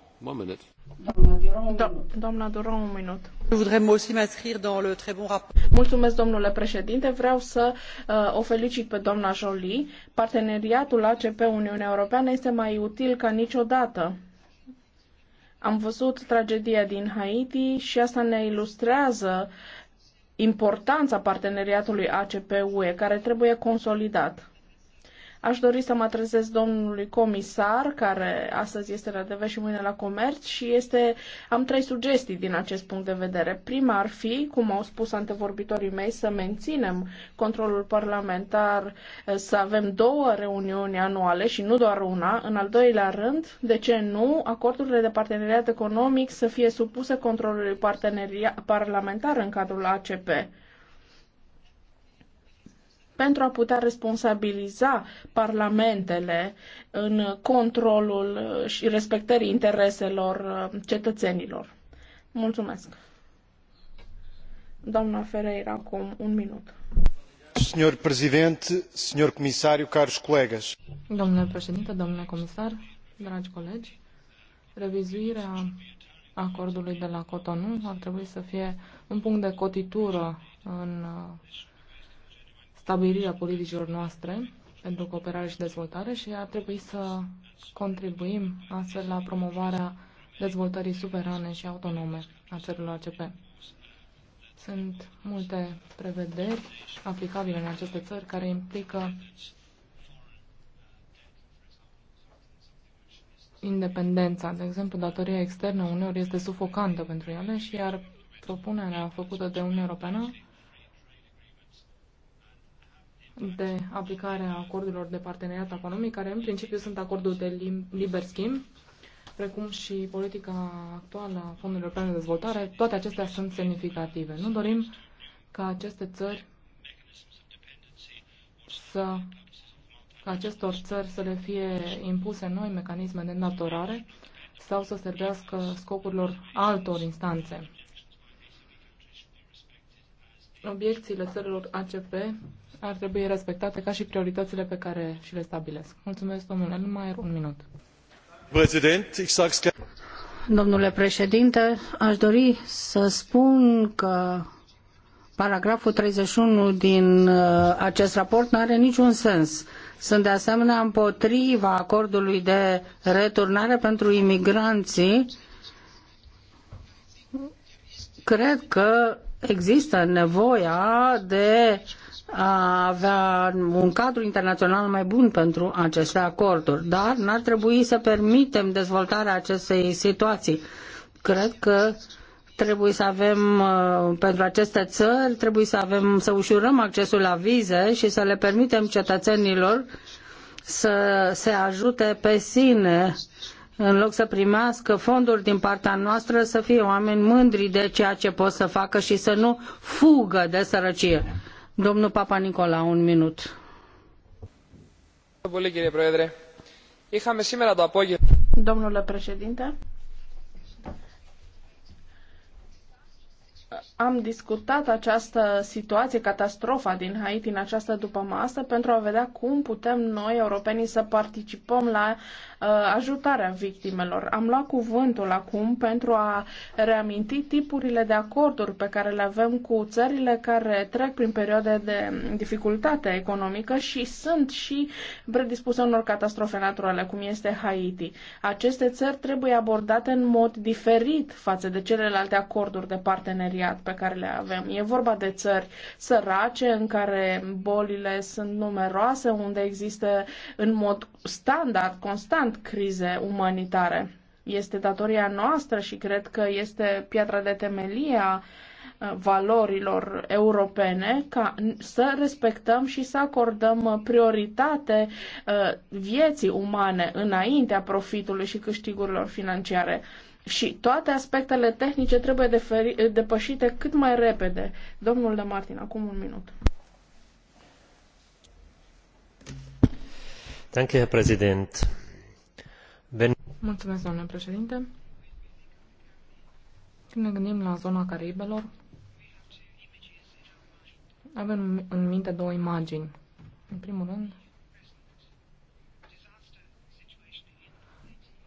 Da, minut. domnule președinte. Vreau să uh, o felicit pe doamna Joly. Parteneriatul ACP-Uniunea Europeană este mai util ca niciodată. Am văzut tragedia din Haiti și asta ne ilustrează importanța parteneriatului ACP-UE, care trebuie consolidat. Aș dori să mă trezesc domnului comisar, care astăzi este la DV și mâine la comerț și este, am trei sugestii din acest punct de vedere. Prima ar fi, cum au spus antevorbitorii mei, să menținem controlul parlamentar, eh, să avem două reuniuni anuale și nu doar una. În al doilea rând, de ce nu, acordurile de parteneriat economic să fie supuse controlului parlamentar în cadrul ACP pentru a putea responsabiliza parlamentele în controlul uh, și respectării intereselor uh, cetățenilor. Mulțumesc. Doamna Ferreira, acum un minut. Senhor Presidente, Senhor Comissário, caros colegas. Domnule președinte, domnule comisar, dragi colegi, revizuirea acordului de la Cotonou ar trebui să fie un punct de cotitură în uh, stabilirea politicilor noastre pentru cooperare și dezvoltare și ar trebui să contribuim astfel la promovarea dezvoltării suverane și autonome a țărilor ACP. Sunt multe prevederi aplicabile în aceste țări care implică independența. De exemplu, datoria externă uneori este sufocantă pentru ele și iar propunerea făcută de Uniunea Europeană de aplicare a acordurilor de parteneriat economic, care în principiu sunt acorduri de liber schimb, precum și politica actuală a Fondului European de Dezvoltare, toate acestea sunt semnificative. Nu dorim ca aceste țări să ca acestor țări să le fie impuse noi mecanisme de îndatorare sau să servească scopurilor altor instanțe. Obiecțiile țărilor ACP ar trebui respectate ca și prioritățile pe care și le stabilesc. Mulțumesc, domnule Elmaier. Un minut. Domnule președinte, aș dori să spun că paragraful 31 din uh, acest raport nu are niciun sens. Sunt de asemenea împotriva acordului de returnare pentru imigranții. Cred că există nevoia de a avea un cadru internațional mai bun pentru aceste acorduri, dar n-ar trebui să permitem dezvoltarea acestei situații. Cred că trebuie să avem uh, pentru aceste țări, trebuie să avem să ușurăm accesul la vize și să le permitem cetățenilor să se ajute pe sine în loc să primească fonduri din partea noastră, să fie oameni mândri de ceea ce pot să facă și să nu fugă de sărăcie. Domnul Papa Nicola, un minut. Domnule președinte, am discutat această situație, catastrofa din Haiti în această dupămasă pentru a vedea cum putem noi, europenii, să participăm la uh, ajutarea victimelor. Am luat cuvântul acum pentru a reaminti tipurile de acorduri pe care le avem cu țările care trec prin perioade de dificultate economică și sunt și predispuse unor catastrofe naturale, cum este Haiti. Aceste țări trebuie abordate în mod diferit față de celelalte acorduri de parteneriat pe care le avem. E vorba de țări sărace în care bolile sunt numeroase, unde există în mod standard, constant crize umanitare. Este datoria noastră și cred că este piatra de temelie a valorilor europene ca să respectăm și să acordăm prioritate vieții umane înaintea profitului și câștigurilor financiare și toate aspectele tehnice trebuie depășite cât mai repede. Domnul de Martin, acum un minut. Danke, Präsident. Ben... Mulțumesc, domnule președinte. Când ne gândim la zona Caribelor, avem în minte două imagini. În primul rând,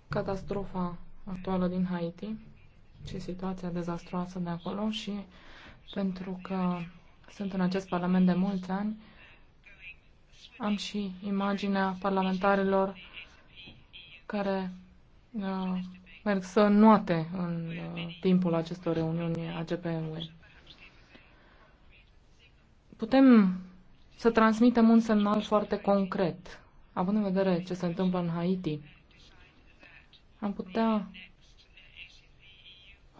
catastrofa actuală din Haiti și situația dezastroasă de acolo și pentru că sunt în acest Parlament de mulți ani, am și imaginea parlamentarilor care uh, merg să noate în uh, timpul acestor reuniuni AGPU. Putem să transmitem un semnal foarte concret, având în vedere ce se întâmplă în Haiti am putea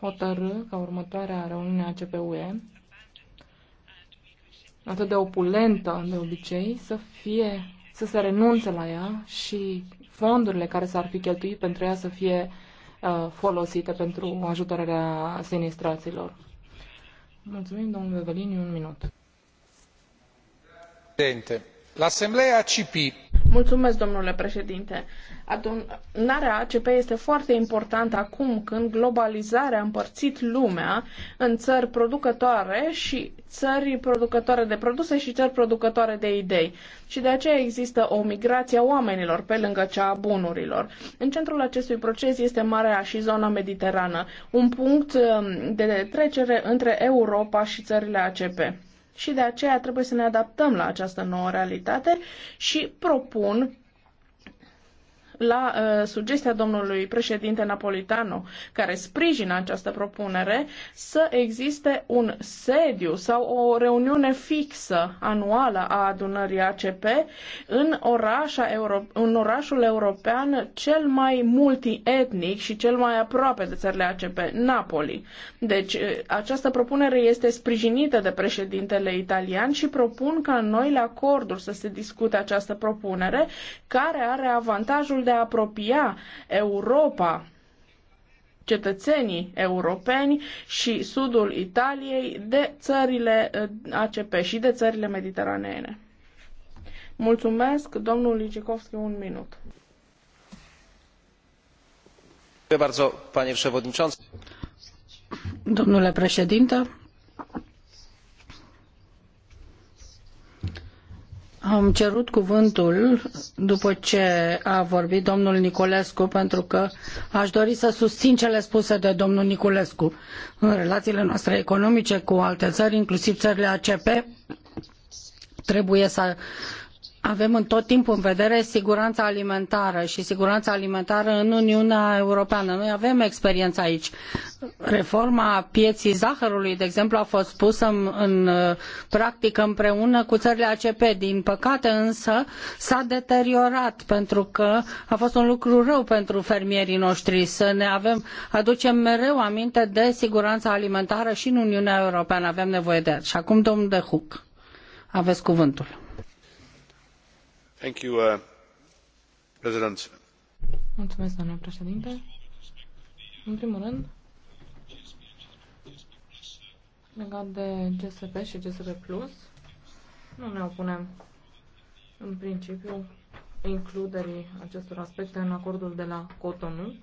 hotărâ ca următoarea reuniune a CPUE, atât de opulentă de obicei, să fie, să se renunțe la ea și fondurile care s-ar fi cheltuit pentru ea să fie uh, folosite pentru ajutorarea sinistraților. Mulțumim, domnul Vevelini, un minut. La l'Assemblea CIPI, Mulțumesc, domnule președinte. Adunarea ACP este foarte importantă acum când globalizarea a împărțit lumea în țări producătoare și țări producătoare de produse și țări producătoare de idei. Și de aceea există o migrație a oamenilor pe lângă cea a bunurilor. În centrul acestui proces este Marea și zona mediterană, un punct um, de trecere între Europa și țările ACP și de aceea trebuie să ne adaptăm la această nouă realitate și propun la uh, sugestia domnului președinte Napolitano, care sprijină această propunere, să existe un sediu sau o reuniune fixă anuală a adunării ACP în, orașa Euro- în orașul european cel mai multietnic și cel mai aproape de țările ACP, Napoli. Deci, uh, această propunere este sprijinită de președintele italian și propun ca în noile acorduri să se discute această propunere, care are avantajul de a apropia Europa cetățenii europeni și sudul Italiei de țările eh, ACP și de țările mediteraneene. Mulțumesc, domnul Licicovski, un minut. Domnule președinte, Am cerut cuvântul după ce a vorbit domnul Niculescu pentru că aș dori să susțin cele spuse de domnul Niculescu. În relațiile noastre economice cu alte țări, inclusiv țările ACP, trebuie să avem în tot timpul în vedere siguranța alimentară și siguranța alimentară în Uniunea Europeană. Noi avem experiență aici. Reforma pieții zahărului, de exemplu, a fost pusă în, în uh, practică împreună cu țările ACP. Din păcate însă s-a deteriorat pentru că a fost un lucru rău pentru fermierii noștri să ne avem, aducem mereu aminte de siguranța alimentară și în Uniunea Europeană. Avem nevoie de ea. Și acum, domnul De aveți cuvântul. Uh, în primul rând legat de GSP și GSP Plus, nu ne opunem în principiu includerii acestor aspecte în acordul de la Cotonou,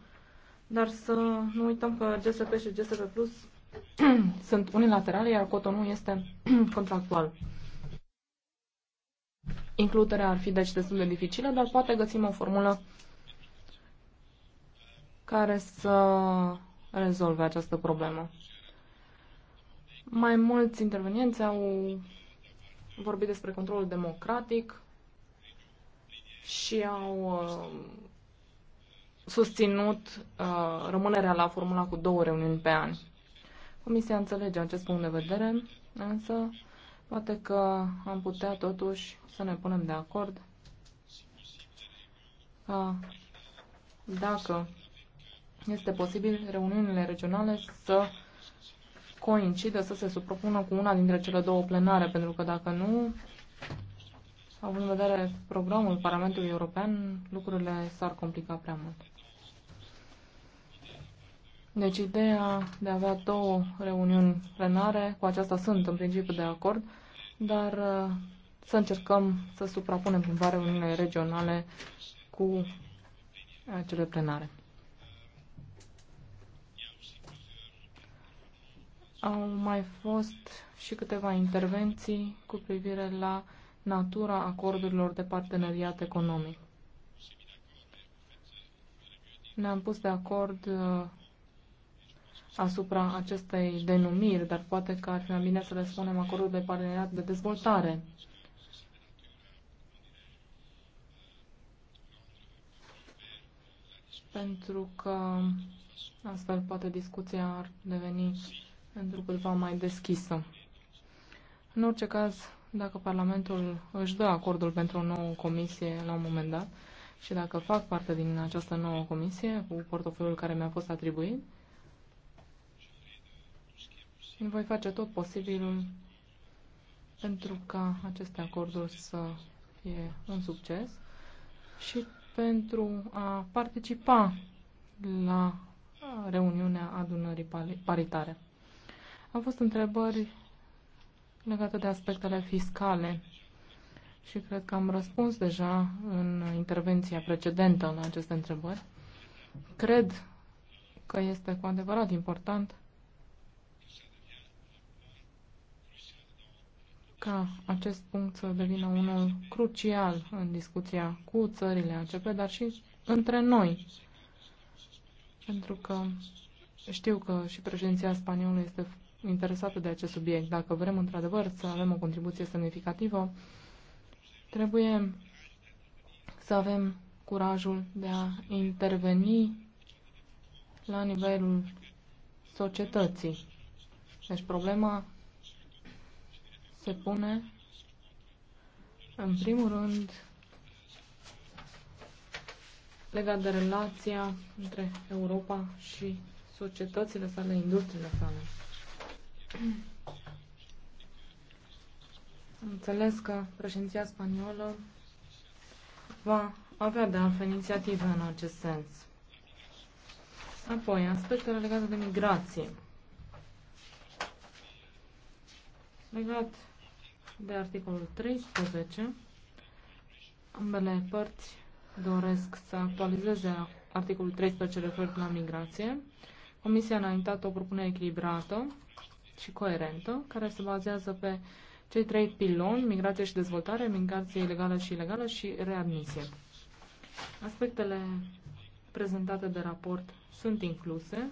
dar să nu uităm că GSP și GSP Plus <clears throat> sunt unilaterale, iar Cotonou este <clears throat> contractual. Includerea ar fi deci destul de dificilă, dar poate găsim o formulă care să rezolve această problemă. Mai mulți intervenienți au vorbit despre controlul democratic și au uh, susținut uh, rămânerea la formula cu două reuniuni pe an. Comisia înțelege acest punct de vedere, însă Poate că am putea totuși să ne punem de acord A, dacă este posibil reuniunile regionale să coincidă, să se suprapună cu una dintre cele două plenare, pentru că dacă nu, având în vedere programul Parlamentului European, lucrurile s-ar complica prea mult. Deci ideea de a avea două reuniuni plenare, cu aceasta sunt în principiu de acord, dar uh, să încercăm să suprapunem cumva reuniunile regionale cu cele plenare. Au mai fost și câteva intervenții cu privire la natura acordurilor de parteneriat economic. Ne-am pus de acord uh, asupra acestei denumiri, dar poate că ar fi mai bine să le spunem acordul de parteneriat de dezvoltare. Pentru că astfel poate discuția ar deveni pentru câtva mai deschisă. În orice caz, dacă Parlamentul își dă acordul pentru o nouă comisie la un moment dat și dacă fac parte din această nouă comisie cu portofoliul care mi-a fost atribuit, voi face tot posibilul pentru ca aceste acorduri să fie un succes și pentru a participa la reuniunea adunării paritare. Au fost întrebări legate de aspectele fiscale și cred că am răspuns deja în intervenția precedentă la aceste întrebări. Cred că este cu adevărat important ca acest punct să devină unul crucial în discuția cu țările ACP, dar și între noi. Pentru că știu că și președinția spaniolă este interesată de acest subiect. Dacă vrem într-adevăr să avem o contribuție semnificativă, trebuie să avem curajul de a interveni la nivelul societății. Deci problema se pune, în primul rând, legat de relația între Europa și societățile sale, industriile sale. Înțeles că președinția spaniolă va avea de altfel inițiative în acest sens. Apoi, aspectele legate de migrație. Legat de articolul 13. Ambele părți doresc să actualizeze articolul 13 referit la migrație. Comisia a înaintat o propunere echilibrată și coerentă, care se bazează pe cei trei piloni, migrație și dezvoltare, migrație ilegală și ilegală și readmisie. Aspectele prezentate de raport sunt incluse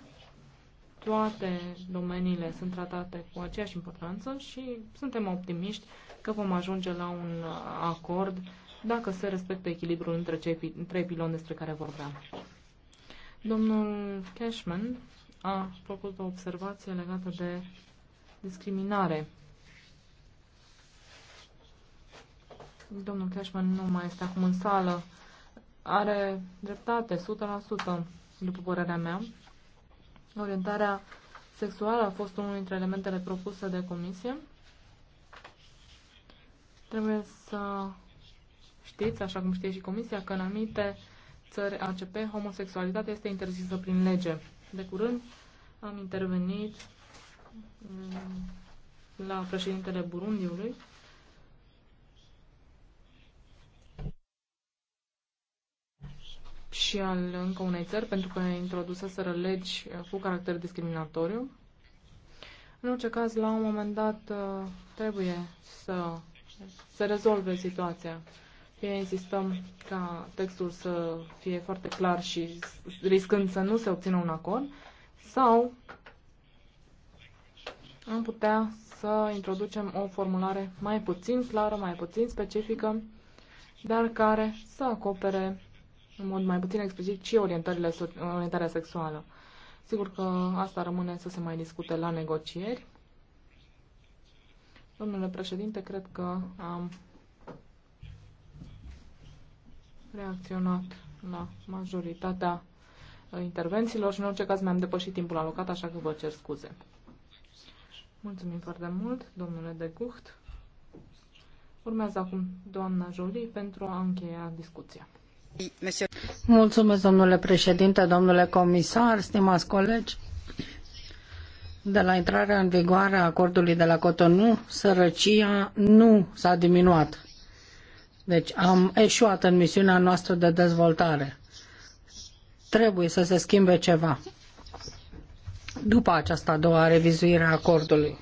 toate domeniile sunt tratate cu aceeași importanță și suntem optimiști că vom ajunge la un acord dacă se respectă echilibrul între cei trei piloni despre care vorbeam. Domnul Cashman a făcut o observație legată de discriminare. Domnul Cashman nu mai este acum în sală. Are dreptate, 100%, după părerea mea. Orientarea sexuală a fost unul dintre elementele propuse de comisie. Trebuie să știți, așa cum știe și comisia, că în anumite țări ACP homosexualitatea este interzisă prin lege. De curând am intervenit mm, la președintele Burundiului și al încă unei țări, pentru că introduseseră legi uh, cu caracter discriminatoriu. În orice caz, la un moment dat uh, trebuie să se rezolve situația. Fie insistăm ca textul să fie foarte clar și riscând să nu se obțină un acord, sau am putea să introducem o formulare mai puțin clară, mai puțin specifică, dar care să acopere în mod mai puțin explicit și orientările, orientarea sexuală. Sigur că asta rămâne să se mai discute la negocieri. Domnule președinte, cred că am reacționat la majoritatea uh, intervențiilor și în orice caz mi-am depășit timpul alocat, așa că vă cer scuze. Mulțumim foarte mult, domnule de Gucht. Urmează acum doamna Jolie pentru a încheia discuția. Mulțumesc, domnule președinte, domnule comisar, stimați colegi. De la intrarea în vigoare a acordului de la Cotonou, sărăcia nu s-a diminuat. Deci am eșuat în misiunea noastră de dezvoltare. Trebuie să se schimbe ceva după această a doua revizuire a acordului.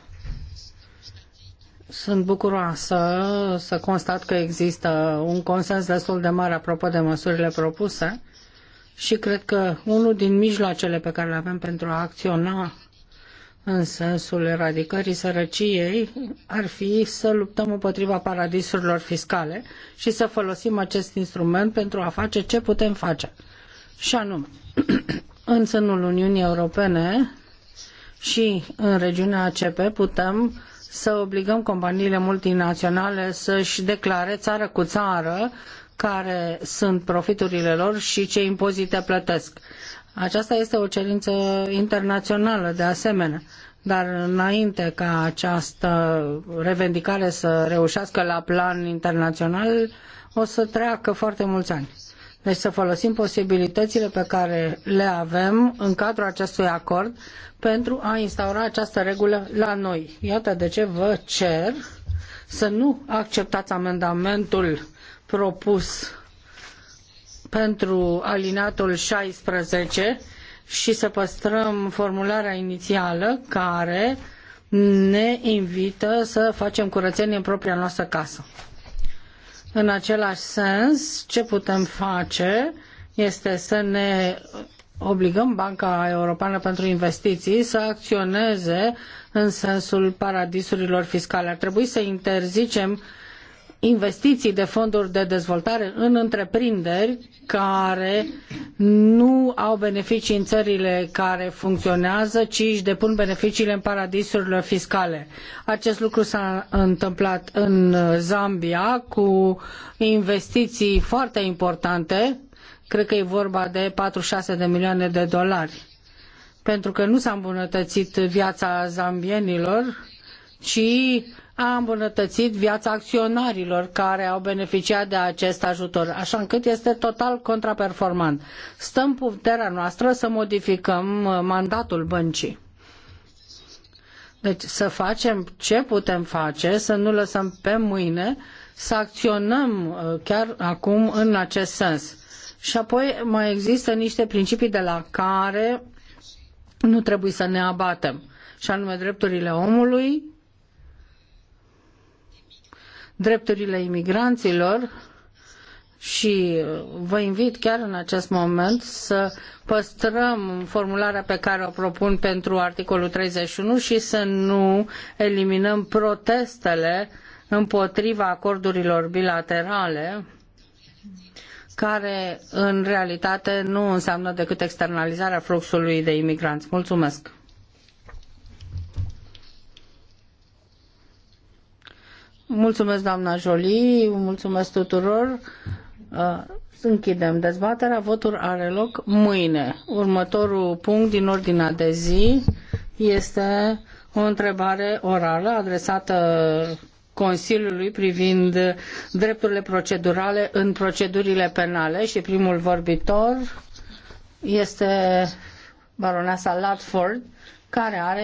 Sunt bucuroasă să constat că există un consens destul de mare apropo de măsurile propuse și cred că unul din mijloacele pe care le avem pentru a acționa în sensul eradicării sărăciei ar fi să luptăm împotriva paradisurilor fiscale și să folosim acest instrument pentru a face ce putem face. Și anume, <clears throat> în sânul Uniunii Europene și în regiunea ACP putem să obligăm companiile multinaționale să-și declare țară cu țară care sunt profiturile lor și ce impozite plătesc. Aceasta este o cerință internațională de asemenea. Dar înainte ca această revendicare să reușească la plan internațional, o să treacă foarte mulți ani. Deci să folosim posibilitățile pe care le avem în cadrul acestui acord pentru a instaura această regulă la noi. Iată de ce vă cer să nu acceptați amendamentul propus pentru alineatul 16 și să păstrăm formularea inițială care ne invită să facem curățenie în propria noastră casă. În același sens, ce putem face este să ne obligăm Banca Europeană pentru Investiții să acționeze în sensul paradisurilor fiscale. Ar trebui să interzicem investiții de fonduri de dezvoltare în întreprinderi care nu au beneficii în țările care funcționează, ci își depun beneficiile în paradisurile fiscale. Acest lucru s-a întâmplat în Zambia cu investiții foarte importante, cred că e vorba de 46 de milioane de dolari, pentru că nu s-a îmbunătățit viața zambienilor, ci a îmbunătățit viața acționarilor care au beneficiat de acest ajutor, așa încât este total contraperformant. Stă în puterea noastră să modificăm uh, mandatul băncii. Deci să facem ce putem face, să nu lăsăm pe mâine, să acționăm uh, chiar acum în acest sens. Și apoi mai există niște principii de la care nu trebuie să ne abatem, și anume drepturile omului, drepturile imigranților și vă invit chiar în acest moment să păstrăm formularea pe care o propun pentru articolul 31 și să nu eliminăm protestele împotriva acordurilor bilaterale care în realitate nu înseamnă decât externalizarea fluxului de imigranți. Mulțumesc! Mulțumesc, doamna Jolie, mulțumesc tuturor. Uh, închidem dezbaterea. Votul are loc mâine. Următorul punct din ordinea de zi este o întrebare orală adresată Consiliului privind drepturile procedurale în procedurile penale și primul vorbitor este baronesa Latford, care are